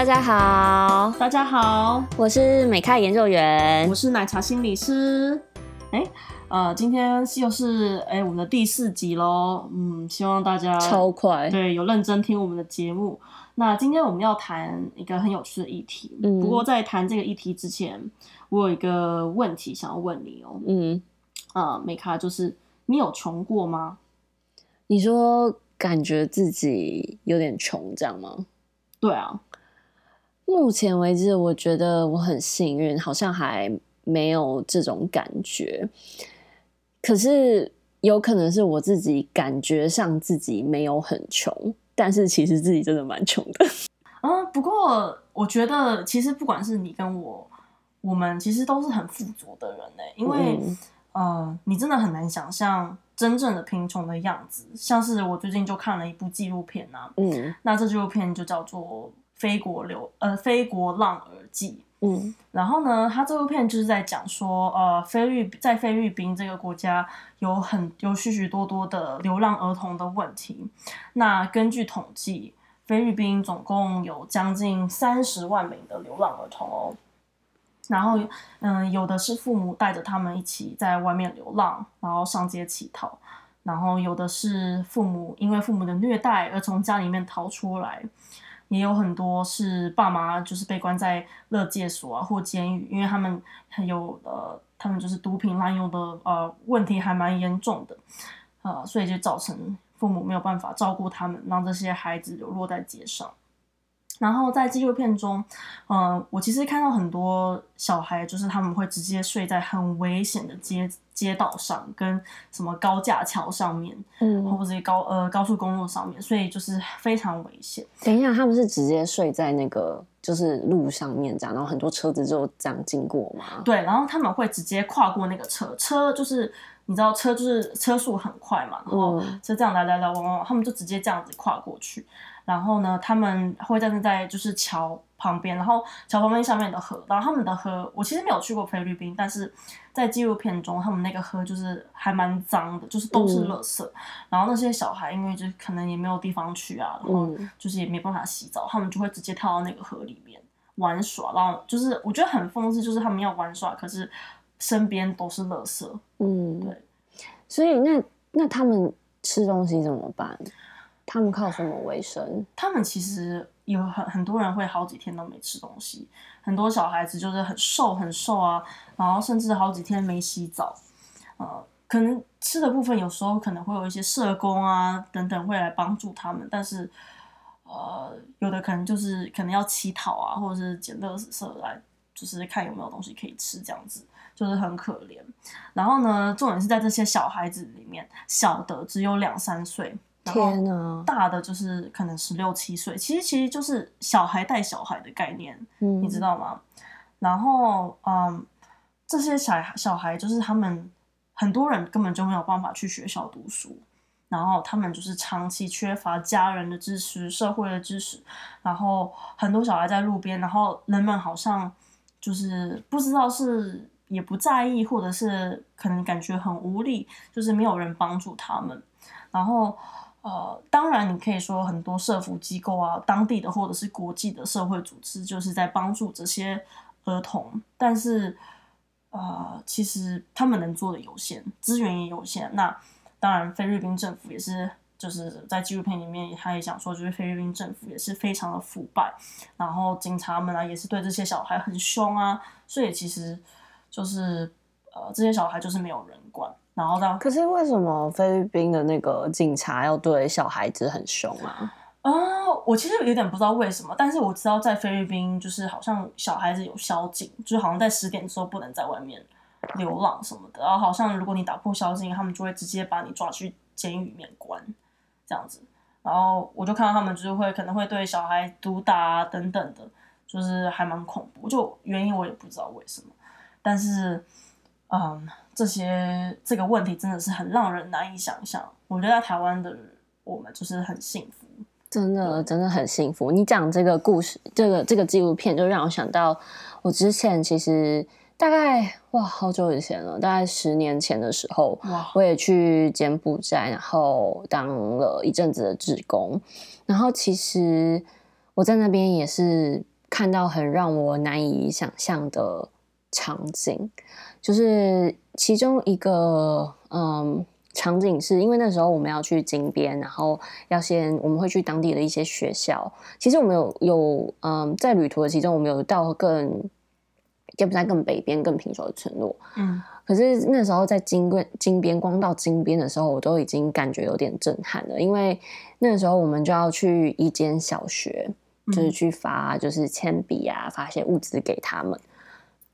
大家好，大家好，我是美卡研究員，我是奶茶心理師。哎、呃、今天又是哎我們的第四集嘍。嗯，希望大家超快對有認真聽我們的節目。那今天我們要談一個很有趣的議題。嗯、不過在談這個議題之前，我有一個問題想要問你哦。嗯、呃、美卡，就是你有窮過嗎？你說感覺自己有點窮，這樣嗎？對啊。目前為止，我覺得我很幸運，好像還沒有這種感覺。可是有可能是我自己感覺上自己沒有很窮，但是其實自己真的蠻窮的。嗯，不過我覺得其實不管是你跟我，我們其實都是很富足的人哎，因為，嗯，呃，你真的很難想象真正的貧窮的樣子。像是我最近就看了一部紀錄片啊，嗯，那這紀錄片就叫做。《菲國流》呃，《菲國浪兒記》。嗯，然後呢，他這部片就是在講說，呃，菲律在菲律賓這個國家有很有許許多多的流浪兒童的問題。那根據統計，菲律賓總共有將近三十萬名的流浪兒童哦。然後，嗯，有的是父母帶着他們一起在外面流浪，然後上街乞討；然後有的是父母因為父母的虐待而從家裡面逃出來。也有很多是爸媽就是被關在勒戒所啊或監獄，因為他們還有呃，他們就是毒品濫用的呃問題還蠻嚴重的，啊、呃，所以就造成父母沒有辦法照顧他們，讓這些孩子流落在街上。然後在紀錄片中，嗯、呃，我其實看到很多小孩，就是他們會直接睡在很危險的街街道上，跟什麼高架橋上面，嗯，或者高呃高速公路上面，所以就是非常危險。等一下，他們是直接睡在那個就是路上面這樣，然後很多車子就這樣經過嗎？對，然後他們會直接跨過那個車，車就是。你知道車就是車速很快嘛，然後就這樣來來來往往，他們就直接這樣子跨過去。然後呢，他們會站在在就是橋旁邊，然後橋旁邊下面的河，然後他們的河，我其實沒有去過菲律賓，但是在紀錄片中，他們那個河就是還蠻髒的，就是都是垃圾。嗯、然後那些小孩因為就可能也沒有地方去啊，然後就是也沒辦法洗澡，嗯、他們就會直接跳到那個河裡面玩耍。然後就是我覺得很諷刺，就是他們要玩耍，可是。身邊都是垃圾，嗯，對，所以那那他們吃東西怎麼辦？他們靠什麼為生？他們其實有很很多人會好幾天都沒吃東西，很多小孩子就是很瘦很瘦啊，然後甚至好幾天沒洗澡，呃，可能吃的部分有時候可能會有一些社工啊等等會來幫助他們，但是呃，有的可能就是可能要乞討啊，或者是撿垃圾來，就是看有沒有東西可以吃這樣子。就是很可憐，然後呢，重點是在這些小孩子裡面，小的只有兩三歲，天哪，然後大的就是可能十六七歲，其實其實就是小孩帶小孩的概念，嗯，你知道嗎？然後，嗯，這些小孩小孩就是他們很多人根本就沒有辦法去學校讀書，然後他們就是長期缺乏家人的支持、社會的支持，然後很多小孩在路邊，然後人們好像就是不知道是。也不在意，或者是可能感覺很無力，就是沒有人幫助他們。然後，呃，當然你可以說很多社福機構啊，當地的或者是國際的社會組織，就是在幫助這些兒童。但是，呃，其實他們能做的有限，資源也有限。那當然，菲律賓政府也是，就是在紀錄片裡面他也講說，就是菲律賓政府也是非常的腐敗，然後警察們啊也是對這些小孩很凶啊。所以其實。就是呃，這些小孩就是沒有人管，然後呢？可是為什麼菲律賓的那個警察要對小孩子很凶啊？啊、呃，我其實有點不知道為什麼，但是我知道在菲律賓就是好像小孩子有宵禁，就是、好像在十點之後不能在外面流浪什麼的。然後好像如果你打破宵禁，他們就會直接把你抓去監獄裡面關這樣子。然後我就看到他們就是會可能會對小孩毒打等等的，就是還蠻恐怖。就原因我也不知道為什麼。但是，嗯，這些這個問題真的是很讓人難以想象。我覺得在台灣的人，我們就是很幸福，真的，嗯、真的很幸福。你講這個故事，這個這個紀錄片，就讓我想到我之前其實大概哇，好久以前了，大概十年前的時候，哇、wow.，我也去柬埔寨，然後當了一陣子的志工，然後其實我在那邊也是看到很讓我難以想象的。場景就是其中一個，嗯，場景是因為那時候我們要去金邊，然後要先我們會去當地的一些學校。其實我們有有，嗯，在旅途的其中，我們有到更柬埔寨更北邊、更貧窮的村落。嗯，可是那時候在金邊，金邊光到金邊的時候，我都已經感覺有點震撼了，因為那時候我們就要去一間小學，就是去發就是鉛筆啊，發一些物資給他們。嗯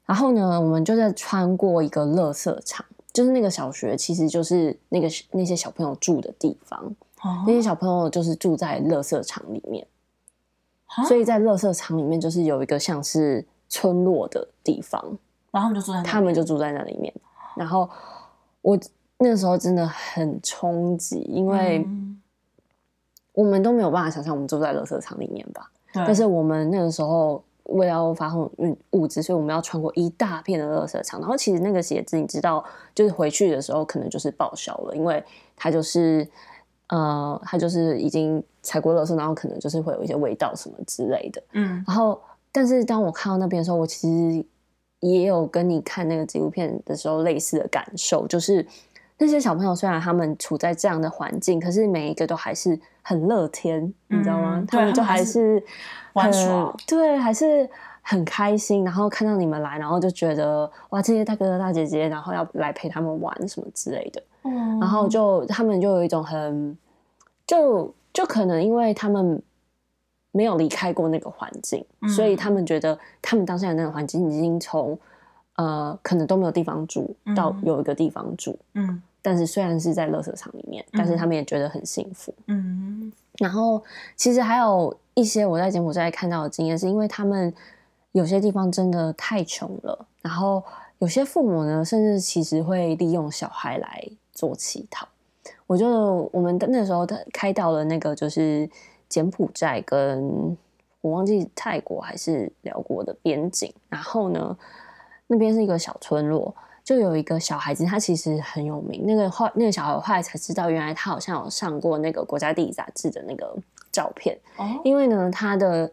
然後呢，我們就在穿過一個垃圾場，就是那個小學，其實就是那個那些小朋友住的地方。哦。那些小朋友就是住在垃圾場裡面，所以在垃圾場裡面就是有一個像是村落的地方。然後他們就住在那裡面。然後我那時候真的很衝擊，因為我們都沒有辦法想象我們住在垃圾場裡面吧？嗯。但是我們那個時候。為了要發放物資，所以我們要穿過一大片的垃圾場。然後其實那個鞋子，你知道，就是回去的時候可能就是報銷了，因為它就是呃，它就是已經踩過垃圾，然後可能就是會有一些味道什麼之類的。嗯。然後，但是當我看到那邊的時候，我其實也有跟你看那個紀錄片的時候類似的感受，就是那些小朋友雖然他們處在這樣的環境，可是每一個都還是。很樂天、嗯，你知道嗎？對，他們就還是很玩耍，對，還是很開心。然後看到你們來，然後就覺得哇，這些大哥哥大姐姐，然後要來陪他們玩什麼之類的。嗯，然後就他們就有一種很，就就可能因為他們沒有離開過那個環境、嗯，所以他們覺得他們當下的那個環境已經從呃，可能都沒有地方住到有一個地方住。嗯，但是雖然是在垃圾場裡面，但是他們也覺得很幸福。嗯。然後，其實還有一些我在柬埔寨看到的經驗，是因為他們有些地方真的太窮了，然後有些父母呢，甚至其實會利用小孩來做乞討。我就我們那時候開到了那個就是柬埔寨跟我忘記泰國還是寮國的邊境，然後呢，那邊是一個小村落。就有一個小孩子，他其實很有名。那個後，那個小孩，後來才知道，原來他好像有上過那個國家地理雜誌的那個照片。哦、oh。因為呢，他的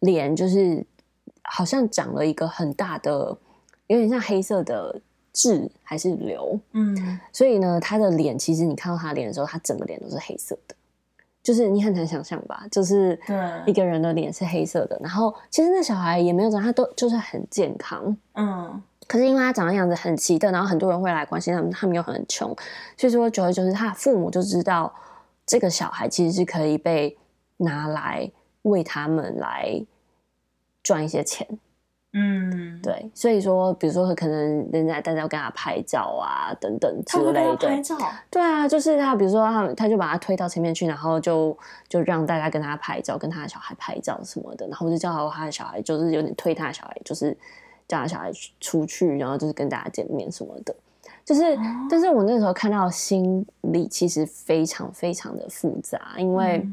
臉就是好像長了一個很大的，有點像黑色的痣還是瘤。嗯。所以呢，他的臉其實你看到他臉的，的時候，他整個臉都是黑色的，就是你很難想象吧？就是對一個人的臉是黑色的。然後其實那小孩也沒有長，他都就是很健康。嗯。可是因為他長得樣子很奇特，然後很多人會來關心他們，他們又很窮，所以說，久而久之，他的父母就知道這個小孩其實是可以被拿來為他們來賺一些錢。嗯，對。所以說，比如說，可能人家大家要跟他拍照啊，等等之類的。他他拍照。對啊，就是他，比如說他，他就把他推到前面去，然後就就讓大家跟他拍照，跟他的小孩拍照什麼的，然後就叫他他的小孩，就是有點推他的小孩，就是。叫小孩出去，然後就是跟大家見面什麼的，就是，但是我那時候看到，心裡其實非常非常的複雜，因為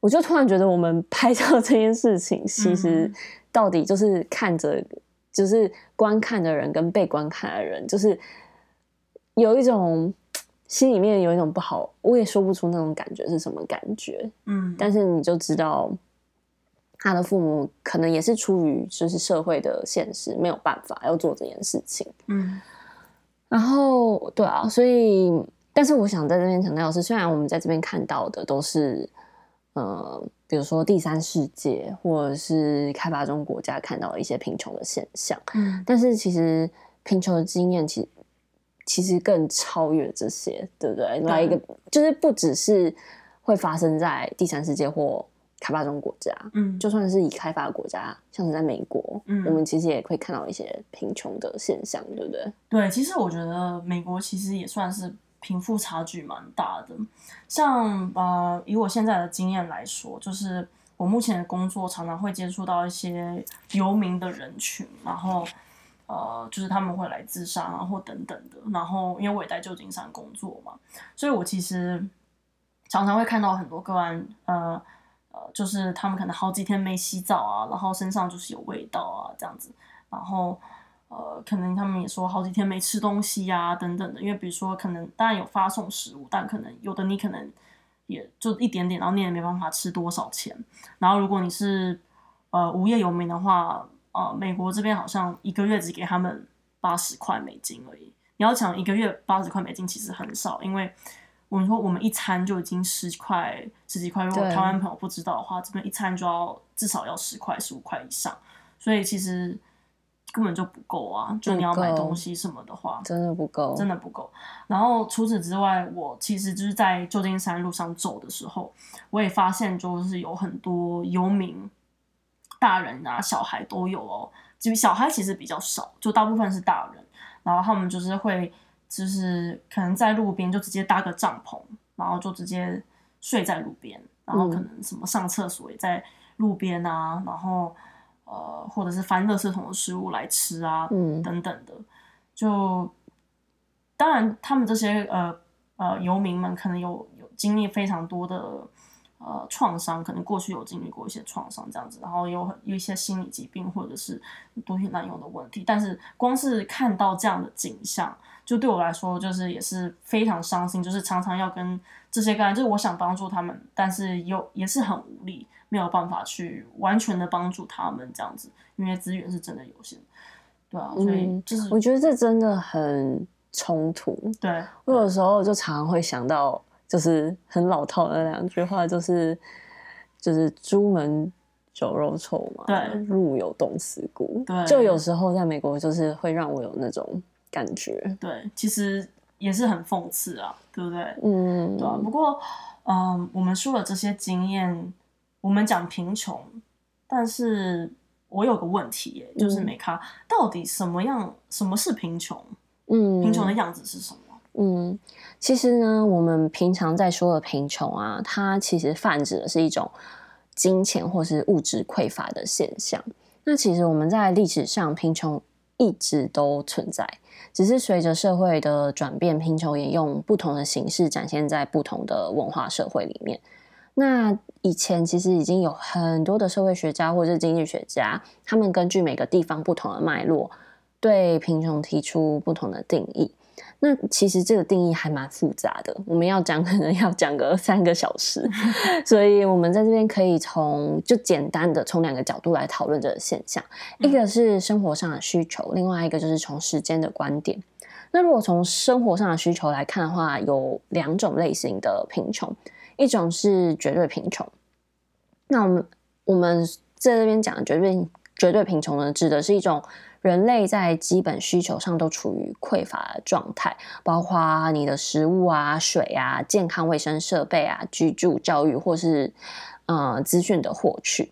我就突然覺得，我們拍照這件事情，其實到底就是看着，就是觀看的人跟被觀看的人，就是有一種心裡面有一種不好，我也說不出那種感覺是什麼感覺，嗯，但是你就知道。他的父母可能也是出於就是社會的現實，沒有辦法要做這件事情。嗯，然後對啊，所以但是我想在這邊強調的是，雖然我們在這邊看到的都是呃，比如說第三世界或者是開發中國家看到的一些貧窮的現象，嗯，但是其實貧窮的經驗，其其實更超越這些，對不對？哪、嗯、一個就是不只是會發生在第三世界或。開發中國家，嗯，就算是已開發國家，像是在美國，嗯，我們其實也會看到一些貧窮的現象，對不對？對，其實我覺得美國其實也算是貧富差距蠻大的。像呃，以我現在的經驗來說，就是我目前的工作常常會接觸到一些游民的人群，然後呃，就是他們會來自殺啊或等等的。然後因為我也在舊金山工作嘛，所以我其實常常會看到很多個案，呃。就是他們可能好幾天沒洗澡啊，然後身上就是有味道啊，這樣子。然後呃，可能他們也說好幾天沒吃東西呀、啊、等等的。因為比如說可能當然有發送食物，但可能有的你可能也就一點點，然後你也沒辦法吃多少錢。然後如果你是呃無業游民的話，呃，美國這邊好像一個月只給他們八十塊美金而已。你要想一個月八十塊美金，其實很少，因為。我們說，我們一餐就已經十幾塊、十幾塊。如果台灣朋友不知道的話，這邊一餐就要至少要十塊、十五塊以上。所以其實根本就不夠啊，不夠！就你要買東西什麼的話，真的不夠，真的不夠。然後除此之外，我其實就是在舊金山路上走的時候，我也發現就是有很多遊民，大人啊、小孩都有哦。就小孩其實比較少，就大部分是大人。然後他們就是會。就是可能在路邊就直接搭個帳篷，然後就直接睡在路邊，然後可能什麼上廁所也在路邊啊、嗯，然後呃，或者是翻垃圾桶的食物來吃啊，嗯、等等的。就當然，他們這些呃呃遊民們可能有有經歷非常多的。呃，創傷，可能過去有經歷過一些創傷這樣子，然後有有一些心理疾病或者是毒品濫用的問題。但是光是看到這樣的景象，就對我來說就是也是非常傷心。就是常常要跟這些干，就是我想幫助他們，但是又也是很無力，沒有辦法去完全的幫助他們這樣子，因為資源是真的有限。對啊，所以就是、嗯、我覺得這真的很衝突對。對，我有時候就常常會想到。就是很老套的兩句話，就是就是朱門酒肉臭嘛，對，路有凍死骨，對，就有時候在美國就是會讓我有那種感覺，對，其實也是很諷刺啊，對不對？嗯，對、啊。不過，嗯、呃，我們說了這些經驗，我們講貧窮，但是我有個問題、欸，就是美咖、嗯、到底什麼樣？什麼是貧窮？嗯，貧窮的樣子是什麼？嗯，其實呢，我們平常在說的貧窮啊，它其實泛指的是一種金錢或是物質匱乏的現象。那其實我們在歷史上，貧窮一直都存在，只是隨着社會的轉變，貧窮也用不同的形式展現在不同的文化社會裡面。那以前其實已經有很多的社會學家或是經濟學家，他們根據每個地方不同的脈絡，對貧窮提出不同的定義。那其實這個定義還蠻複雜的，我們要講可能要講個三個小時， 所以我們在這邊可以從就簡單的從兩個角度來討論這個現象，一個是生活上的需求，另外一個就是從時間的觀點。那如果從生活上的需求來看的話，有兩種類型的貧窮，一種是絕對貧窮。那我們我們在這邊講的絕對絕對貧窮呢，指的是一種。人類在基本需求上都處於匱乏的狀態，包括你的食物啊、水啊、健康衛生設備啊、居住、教育或是，呃、嗯，資訊的獲取。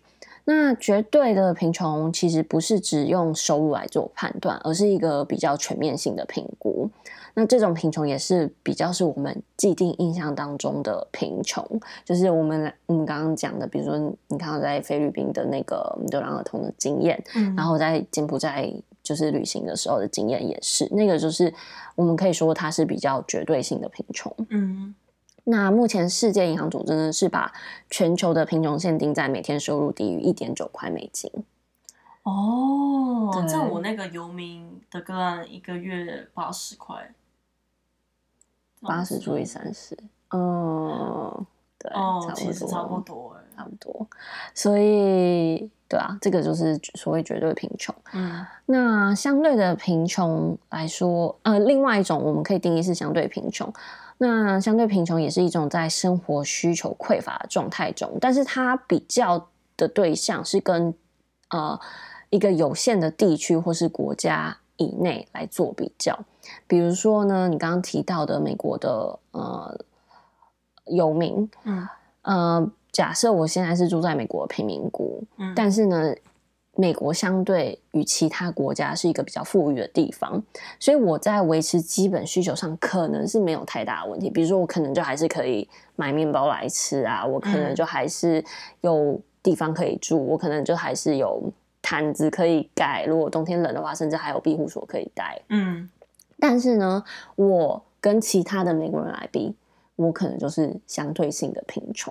那絕對的貧窮其實不是只用收入來做判斷，而是一個比較全面性的評估。那這種貧窮也是比較是我們既定印象當中的貧窮，就是我們我們剛剛講的，比如說你看到在菲律賓的那個流浪兒童的經驗、嗯，然後在柬埔寨就是旅行的時候的經驗，也是那個就是我們可以說它是比較絕對性的貧窮。嗯。那目前世界銀行組織呢是把全球的貧窮限定在每天收入低於一點九塊美金。哦，oh，像我那個游民的個案，一個月八十塊，八十除以三十，oh，嗯，對，oh, 差不多，差不多，差不多。所以，對啊，這個就是所謂絕對貧窮。嗯，oh，那相對的貧窮來說，呃，另外一種我們可以定義是相對貧窮。那相對貧窮也是一種在生活需求匱乏的狀態中，但是它比較的對象是跟，呃，一個有限的地區或是國家以內來做比較。比如說呢，你剛剛提到的美國的呃遊民，嗯，呃，假設我現在是住在美國的貧民窟，嗯，但是呢，美國相對於其他國家是一個比較富裕的地方，所以我在維持基本需求上可能是沒有太大的問題。比如說，我可能就還是可以買麵包來吃啊，我可能就還是有地方可以住，嗯、我可能就還是有毯子可以蓋。如果冬天冷的話，甚至還有庇護所可以待。嗯，但是呢，我跟其他的美國人來比，我可能就是相對性的貧窮。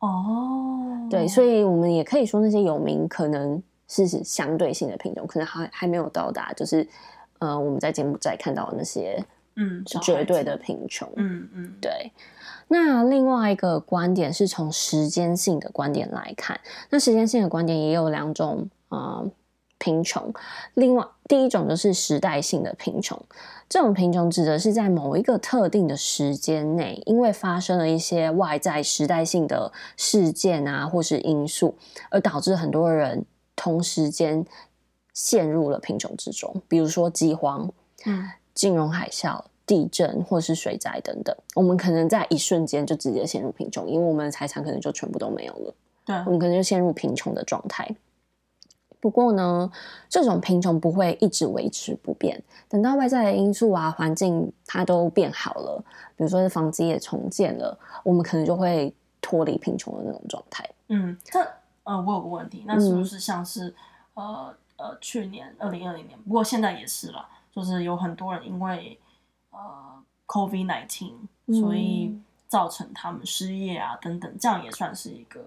哦，對，所以我們也可以說那些遊民，可能是相對性的貧窮，可能還還沒有到達，就是、呃、我們在節目再看到那些嗯，絕對的貧窮，嗯嗯，對。那另外一個觀點是從時間性的觀點來看，那時間性的觀點也有兩種啊，呃、貧窮。另外，第一種就是時代性的貧窮，這種貧窮指的是在某一個特定的時間內，因為發生了一些外在時代性的事件啊，或是因素，而導致很多人。同時間陷入了貧窮之中，比如說饑荒、嗯、金融海嘯、地震或是水災等等，我們可能在一瞬間就直接陷入貧窮，因為我們的財產可能就全部都沒有了。對、嗯，我們可能就陷入貧窮的狀態。不過呢，這種貧窮不會一直維持不變，等到外在的因素啊、環境它都變好了，比如說房子也重建了，我們可能就會脫離貧窮的那種狀態。嗯。呃、嗯，我有個問題，那是不是像是，呃呃，去年二零二零年，不過現在也是了，就是有很多人因為呃 COVID nineteen，所以造成他們失業啊等等，這樣也算是一個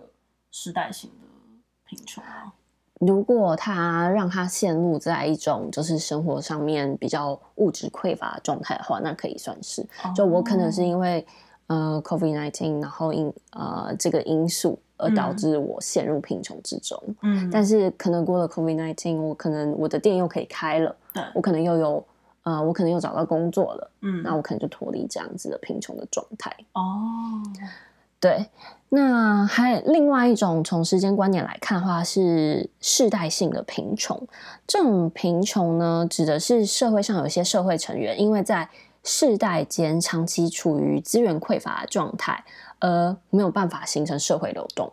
時代性的貧窮啊。如果他讓他陷入在一種就是生活上面比較物質匱乏的狀態的話，那可以算是。就我可能是因為呃 COVID nineteen，然後因呃這個因素。而導致我陷入貧窮之中。嗯，但是可能過了 COVID-19，我可能我的店又可以開了，嗯、我可能又有呃，我可能又找到工作了。嗯，那我可能就脫離這樣子的貧窮的狀態。哦，對。那還有另外一種從時間觀點來看的話，是世代性的貧窮。這種貧窮呢，指的是社會上有些社會成員因為在世代間長期處於資源匱乏的狀態。呃，沒有辦法形成社會流動，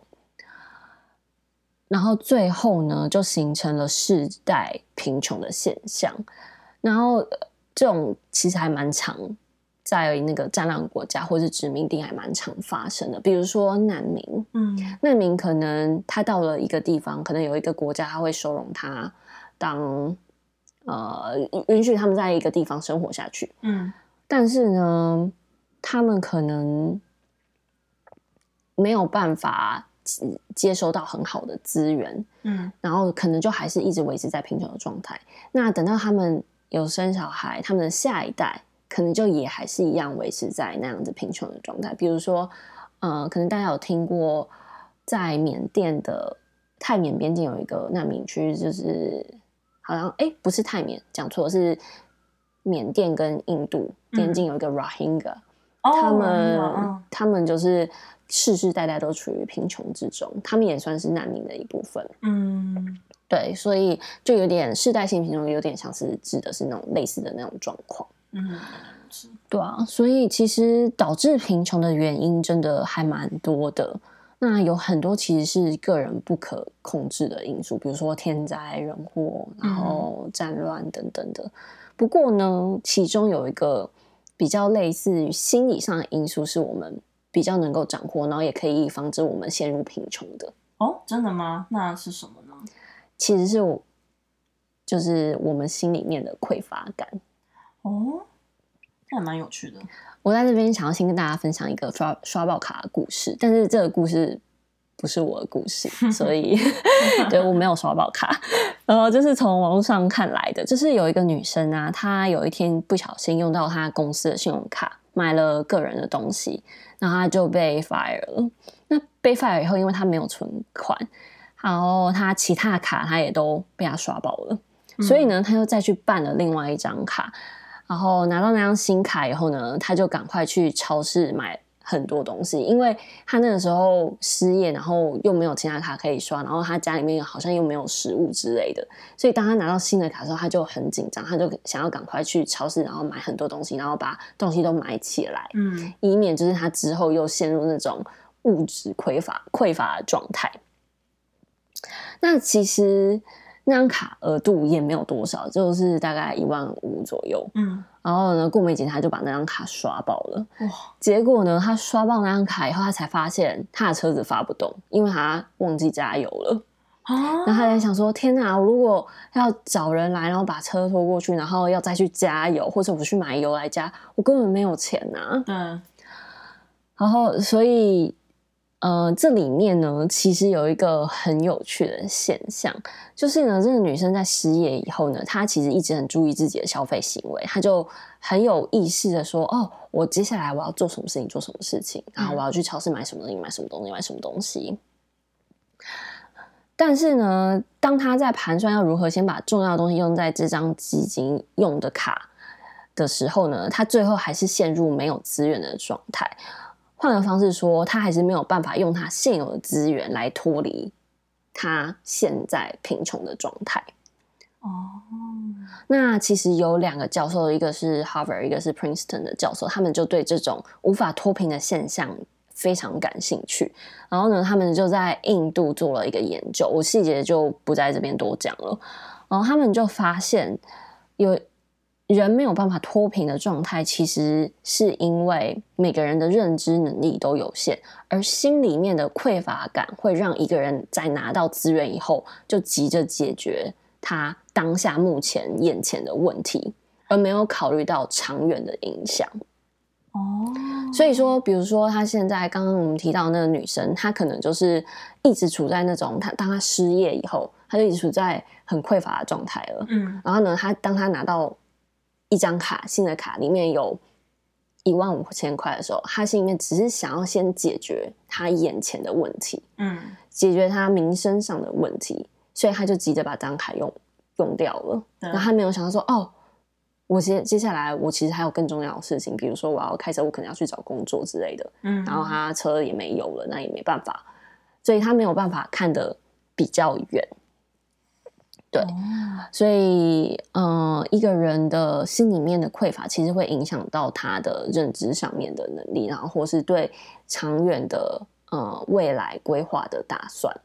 然後最後呢，就形成了世代貧窮的現象。然後、呃、這種其實還蠻常在那個戰亂國家或者殖民地還蠻常發生的，比如說難民，嗯，難民可能他到了一個地方，可能有一個國家他會收容他當，當呃允許他們在一個地方生活下去，嗯，但是呢，他們可能。沒有辦法接收到很好的資源，嗯，然後可能就還是一直維持在貧窮的狀態。那等到他們有生小孩，他們的下一代可能就也還是一樣維持在那樣子貧窮的狀態。比如說，呃，可能大家有聽過，在緬甸的泰緬邊境有一個難民區，就是好像哎、欸，不是泰緬講錯，是緬甸跟印度邊境有一個 Rohingya，嗯、他們 oh, oh. 他們就是。世世代代都處於貧窮之中，他們也算是難民的一部分。嗯，對，所以就有點世代性貧窮，有點像是指的是那種類似的那種狀況。嗯，是，對啊，所以其實導致貧窮的原因真的還蠻多的。那有很多其實是個人不可控制的因素，比如說天災、人禍，然後戰亂等等的。嗯。不過呢，其中有一個比較類似於心理上的因素，是我們。比較能夠掌握，然後也可以防止我們陷入貧窮的。哦？真的嗎？那是什麼呢？其實是我，就是我們心裡面的匱乏感。哦，那也蠻有趣的。我在這邊想要先跟大家分享一個刷刷爆卡的故事，但是這個故事不是我的故事，所以 對，我沒有刷爆卡，然後就是從網絡上看來的，就是有一個女生啊，她有一天不小心用到她公司的信用卡。買了個人的東西，然後他就被 fire 了。那被 fire 以後，因為他沒有存款，然後他其他的卡他也都被他刷爆了，嗯、所以呢，他又再去辦了另外一張卡，然後拿到那張新卡以後呢，他就趕快去超市買。很多東西，因為他那個時候失業，然後又沒有其他卡可以刷，然後他家裡面好像又沒有食物之類的，所以當他拿到新的卡的時候，他就很緊張，他就想要趕快去超市，然後買很多東西，然後把東西都買起來，嗯，以免就是他之後又陷入那種物質匱乏匱乏的狀態。那其實。那張卡額度也沒有多少，就是大概一萬五左右。嗯，然後呢，過沒幾天他就把那張卡刷爆了。哇！結果呢，他刷爆那張卡以後，他才發現他的車子發不動，因為他忘記加油了。哦。然後他才想說：“天哪、啊！我如果要找人來，然後把車拖過去，然後要再去加油，或者我去買油來加，我根本沒有錢吶、啊。”嗯。然後，所以。呃，這裡面呢，其實有一個很有趣的現象，就是呢，這個女生在失業以後呢，她其實一直很注意自己的消費行為，她就很有意識的說：“哦，我接下來我要做什麼事情，做什麼事情，然後我要去超市買什麼東西，買什麼東西，買什麼東西。”但是呢，當她在盤算要如何先把重要的東西用在這張基金用的卡的時候呢，她最後還是陷入沒有資源的狀態。換個方式說，他還是沒有辦法用他現有的資源來脫離他現在貧窮的狀態。哦、oh.，那其實有兩個教授，一個是 Harvard，一個是 Princeton 的教授，他們就對這種無法脫貧的現象非常感興趣。然後呢，他們就在印度做了一個研究，我細節就不在這邊多講了。然後他們就發現有。人沒有辦法脫貧的狀態，其實是因為每個人的認知能力都有限，而心裡面的匱乏感會讓一個人在拿到資源以後，就急着解決他當下、目前、眼前的問題，而沒有考慮到長遠的影響。哦，所以說，比如說他現在剛剛我們提到那個女生，她可能就是一直處在那種，她當她失業以後，她就一直處在很匱乏的狀態了。嗯，然後呢，她當她拿到。一張卡，新的卡裡面有一萬五千塊的時候，他心裡面只是想要先解決他眼前的問題，嗯，解決他民生上的問題，所以他就急着把這張卡用用掉了。那、嗯、他沒有想到說，哦，我接接下來我其實還有更重要的事情，比如說我要開車，我可能要去找工作之類的，嗯，然後他車也沒油了，那也沒辦法，所以他沒有辦法看得比較遠。對、哦，所以呃，一個人的心裡面的匱乏，其實會影響到他的認知上面的能力，然後或是對長遠的呃未來規劃的打算。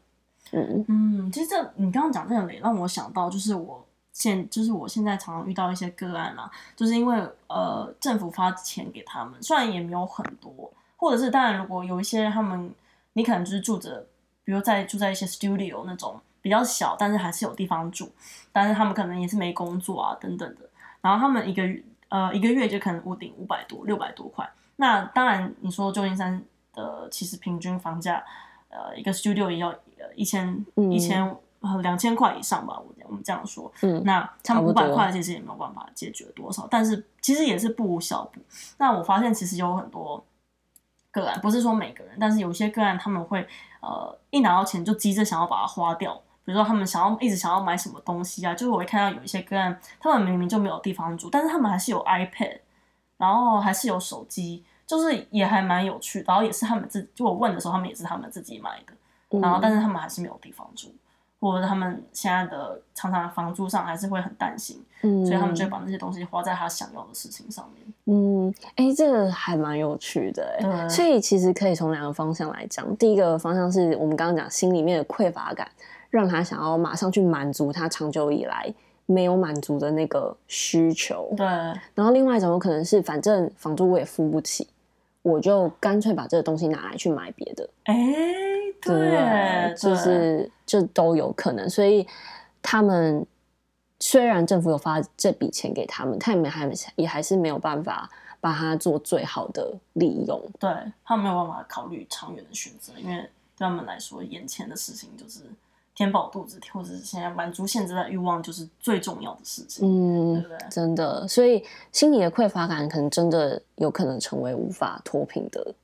嗯嗯，其實這你剛剛講這樣、個、也讓我想到就我，就是我現就是我現在常常遇到一些個案啦、啊，就是因為呃政府發錢給他們，雖然也沒有很多，或者是當然如果有一些他們，你可能就是住着，比如在住在一些 studio 那種。比較小，但是還是有地方住，但是他們可能也是沒工作啊等等的。然後他們一個月呃一個月就可能屋頂五百多六百多塊。那當然你說舊金山的其實平均房價，呃一個 studio 也要一千一千兩千塊以上吧。我我們這樣說，嗯、那他們五百塊其實也沒有辦法解決多少。但是其實也是不無小補。那我發現其實有很多個案，不是說每個人，但是有些個案他們會呃一拿到錢就急着想要把它花掉。比如說，他們想要一直想要買什麼東西啊，就是我會看到有一些個案，他們明明就沒有地方住，但是他們還是有 iPad，然後還是有手機，就是也還蠻有趣的。然後也是他們自己，就我問的時候，他們也是他們自己買的。然後，但是他們還是沒有地方住，嗯、或者他們現在的常常房租上還是會很擔心。嗯，所以他們就會把那些東西花在他想要的事情上面。嗯，哎、欸，這個還蠻有趣的、欸。對，所以其實可以從兩個方向來講。第一個方向是我們剛剛講心裡面的匱乏感，讓他想要馬上去滿足他長久以來沒有滿足的那個需求。對。然後另外一種可能是，反正房租我也付不起，我就乾脆把這個東西拿來去買別的。哎、欸，對，就是這都有可能。所以他們雖然政府有發這筆錢給他們，他們也還是也還是沒有辦法把它做最好的利用。對，他沒有辦法考慮長遠的選擇，因為對他們來說，眼前的事情就是。填飽肚子，或者是現在滿足現在的慾望，就是最重要的事情。嗯，對不對？真的，所以心理的匱乏感可能真的有可能成為無法脫貧的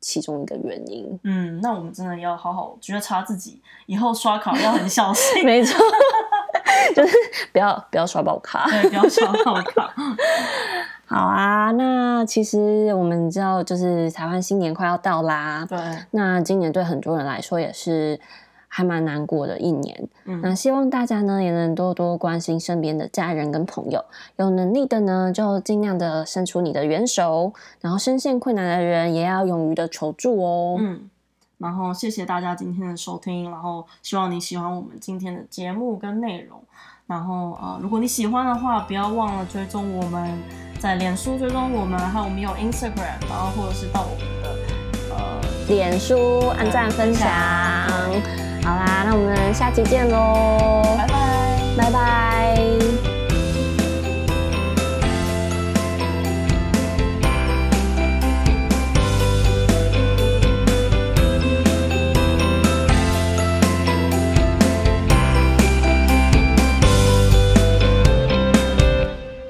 其中一個原因。嗯，那我們真的要好好覺察自己，以後刷卡要很小心。 沒錯， 就是不要不要刷爆卡，對，不要刷爆卡。 好啊，那其實我們知道，就是台灣新年快要到啦。對，那今年對很多人來說也是。還蠻難過的一年，嗯，那希望大家呢也能多多關心身邊的家人跟朋友，有能力的呢就盡量的伸出你的援手，然後身陷困難的人也要勇於的求助哦，喔。嗯，然後謝謝大家今天的收聽，然後希望你喜歡我們今天的節目跟內容，然後、呃、如果你喜歡的話，不要忘了追蹤我們在臉書追蹤我們，還有我們有 Instagram，然後或者是到我們的呃、臉書按讚分享。嗯好啦，那我們下期見嘍！拜拜，拜拜。Bye bye